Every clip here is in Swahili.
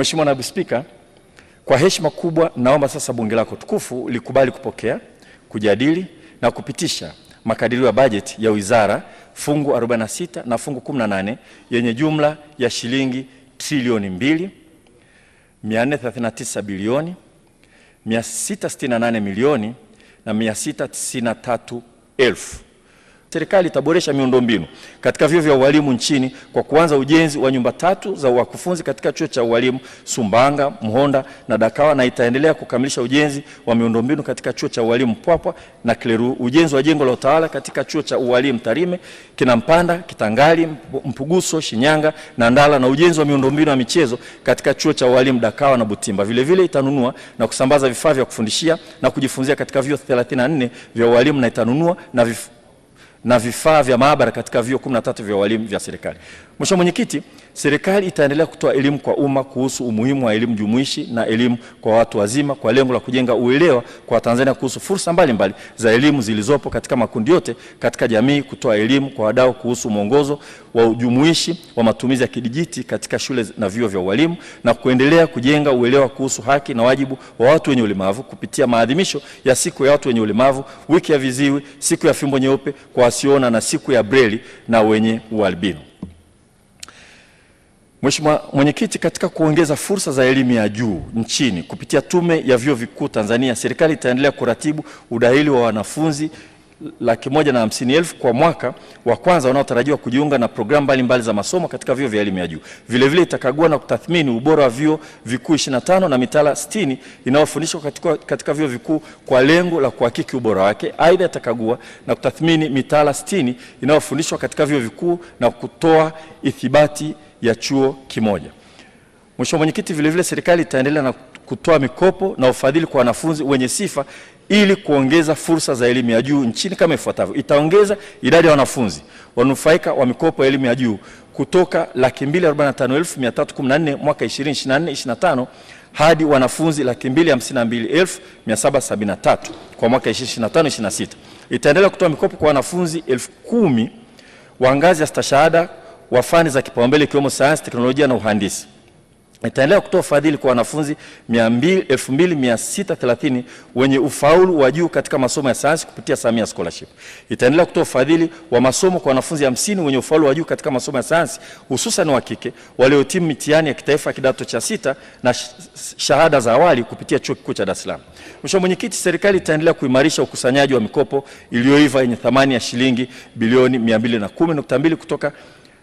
Mheshimiwa Naibu Spika, kwa heshima kubwa naomba sasa bunge lako tukufu likubali kupokea, kujadili na kupitisha makadirio ya bajeti ya wizara fungu 46 na fungu 18 yenye jumla ya shilingi trilioni 2 439 bilioni 668 milioni na 693 elfu Serikali itaboresha miundombinu katika vyuo vya ualimu nchini kwa kuanza ujenzi wa nyumba tatu za wakufunzi katika chuo cha ualimu Sumbanga, Mhonda na Dakawa, na itaendelea kukamilisha ujenzi wa miundombinu katika chuo cha ualimu Mpwapwa na Kleru, ujenzi wa jengo la utawala katika chuo cha ualimu Tarime, Kinampanda, Kitangali, Mpuguso, Shinyanga na Ndala, na ujenzi wa miundombinu ya michezo katika chuo cha ualimu Dakawa na Butimba. Vilevile vile itanunua na kusambaza vifaa vya kufundishia na kujifunzia katika vyuo 34 vya ualimu na itanunua na vifaa na vifaa vya maabara katika vyuo 13 vya walimu vya serikali. Mheshimiwa Mwenyekiti, serikali itaendelea kutoa elimu kwa umma kuhusu umuhimu wa elimu jumuishi na elimu kwa watu wazima kwa lengo la kujenga uelewa kwa Watanzania kuhusu fursa mbalimbali mbali za elimu zilizopo katika makundi yote katika jamii, kutoa elimu kwa wadau kuhusu mwongozo wa ujumuishi wa matumizi ya kidijiti katika shule na vyuo vya ualimu na kuendelea kujenga uelewa kuhusu haki na wajibu wa watu wenye ulemavu kupitia maadhimisho ya siku ya watu wenye ulemavu, wiki ya viziwi, siku ya fimbo nyeupe kwa wasioona na siku ya breli na wenye ualbino. Mheshimiwa Mwenyekiti, katika kuongeza fursa za elimu ya juu nchini kupitia Tume ya Vyuo Vikuu Tanzania, serikali itaendelea kuratibu udahili wa wanafunzi laki moja na hamsini elfu kwa mwaka wa kwanza wanaotarajiwa kujiunga na programu mbalimbali za masomo katika vyuo vya elimu ya juu. Vilevile itakagua na kutathmini ubora wa vyuo vikuu 25 na mitaala 60 inayofundishwa katika, katika vyuo vikuu kwa lengo la kuhakiki ubora wake. Aidha, itakagua na kutathmini mitaala 60 inayofundishwa katika vyuo vikuu na kutoa ithibati ya chuo kimoja. Mheshimiwa Mwenyekiti, vilevile serikali itaendelea na kutoa mikopo na ufadhili kwa wanafunzi wenye sifa ili kuongeza fursa za elimu ya juu nchini kama ifuatavyo: itaongeza idadi ya wanafunzi wanufaika wa mikopo ya elimu ya juu kutoka laki mbili mwaka 2024 25 hadi wanafunzi laki mbili kwa mwaka 2025 26. Itaendelea kutoa mikopo kwa wanafunzi 10,000 wa ngazi ya stashahada wa fani za kipaumbele ikiwemo sayansi, teknolojia na uhandisi itaendelea kutoa fadhili kwa wanafunzi 2630 wenye ufaulu wa juu katika masomo ya sayansi kupitia Samia Scholarship. Itaendelea kutoa ufadhili wa masomo kwa wanafunzi 50 wenye ufaulu wa juu katika masomo ya sayansi hususan wa kike waliohitimu mitihani ya kitaifa kidato cha sita na shahada za awali kupitia Chuo Kikuu cha Dar es Salaam. Mheshimiwa Mwenyekiti, serikali itaendelea kuimarisha ukusanyaji wa mikopo iliyoiva yenye thamani ya shilingi bilioni 210.2 kutoka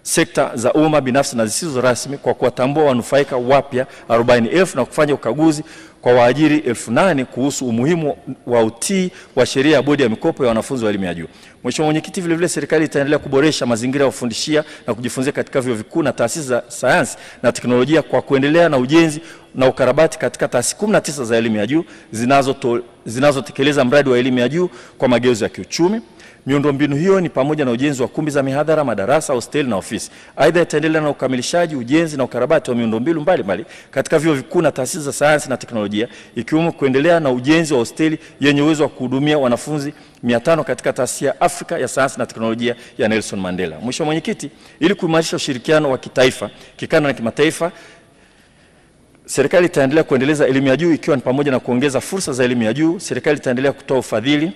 sekta za umma binafsi na zisizo rasmi kwa kuwatambua wanufaika wapya 40,000 na kufanya ukaguzi kwa waajiri 8,000 kuhusu umuhimu wa utii wa sheria ya bodi ya mikopo ya wanafunzi wa elimu ya juu. Mheshimiwa Mwenyekiti, vile vile serikali itaendelea kuboresha mazingira ya kufundishia na kujifunzia katika vyuo vikuu na taasisi za sayansi na teknolojia kwa kuendelea na ujenzi na ukarabati katika taasisi 19 za elimu ya juu zinazotekeleza zinazo mradi wa elimu ya juu kwa mageuzi ya kiuchumi. Miundombinu hiyo ni pamoja na ujenzi wa kumbi za mihadhara, madarasa, hosteli na ofisi. Aidha, itaendelea na ukamilishaji, ujenzi na ukarabati wa miundombinu mbalimbali katika vyuo vikuu na taasisi za sayansi na teknolojia, ikiwemo kuendelea na ujenzi wa hosteli yenye uwezo wa kuhudumia wanafunzi 500 katika taasisi ya Afrika ya sayansi na teknolojia ya Nelson Mandela. Mwisho, mwenyekiti, ili kuimarisha ushirikiano wa kitaifa, kikanda na kimataifa Serikali itaendelea kuendeleza elimu ya juu ikiwa ni pamoja na kuongeza fursa za elimu ya juu. Serikali itaendelea kutoa ufadhili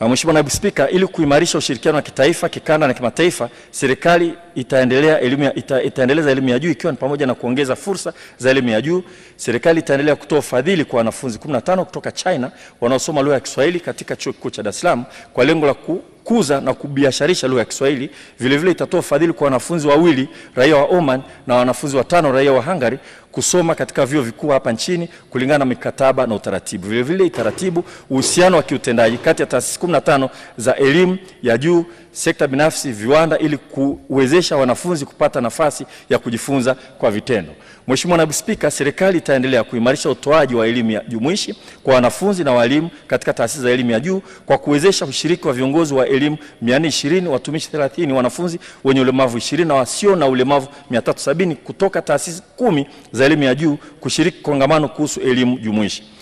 Uh, Mheshimiwa Naibu Spika, ili kuimarisha ushirikiano wa kitaifa, kikanda na kimataifa, serikali itaendelea elimu ita, itaendeleza elimu ya juu ikiwa ni pamoja na kuongeza fursa za elimu ya juu. Serikali itaendelea kutoa ufadhili kwa wanafunzi 15 kutoka China wanaosoma lugha ya Kiswahili katika Chuo Kikuu cha Dar es Salaam kwa lengo la ku kukuza na kubiasharisha lugha ya Kiswahili. Vilevile itatoa fadhili kwa wanafunzi wawili raia wa Oman na wanafunzi watano raia wa Hungary kusoma katika vyuo vikuu hapa nchini kulingana na mikataba na utaratibu. Vilevile itaratibu uhusiano wa kiutendaji kati ya taasisi 15 za elimu ya juu sekta binafsi, viwanda, ili kuwezesha wanafunzi kupata nafasi ya kujifunza kwa vitendo. Mheshimiwa Naibu Spika, serikali itaendelea kuimarisha utoaji wa elimu ya jumuishi kwa wanafunzi na walimu katika taasisi za elimu ya juu kwa kuwezesha ushiriki wa viongozi wa elimu 420, watumishi 30, wanafunzi wenye ulemavu 20 na wasio na ulemavu 370 kutoka taasisi kumi za elimu ya juu kushiriki kongamano kuhusu elimu jumuishi.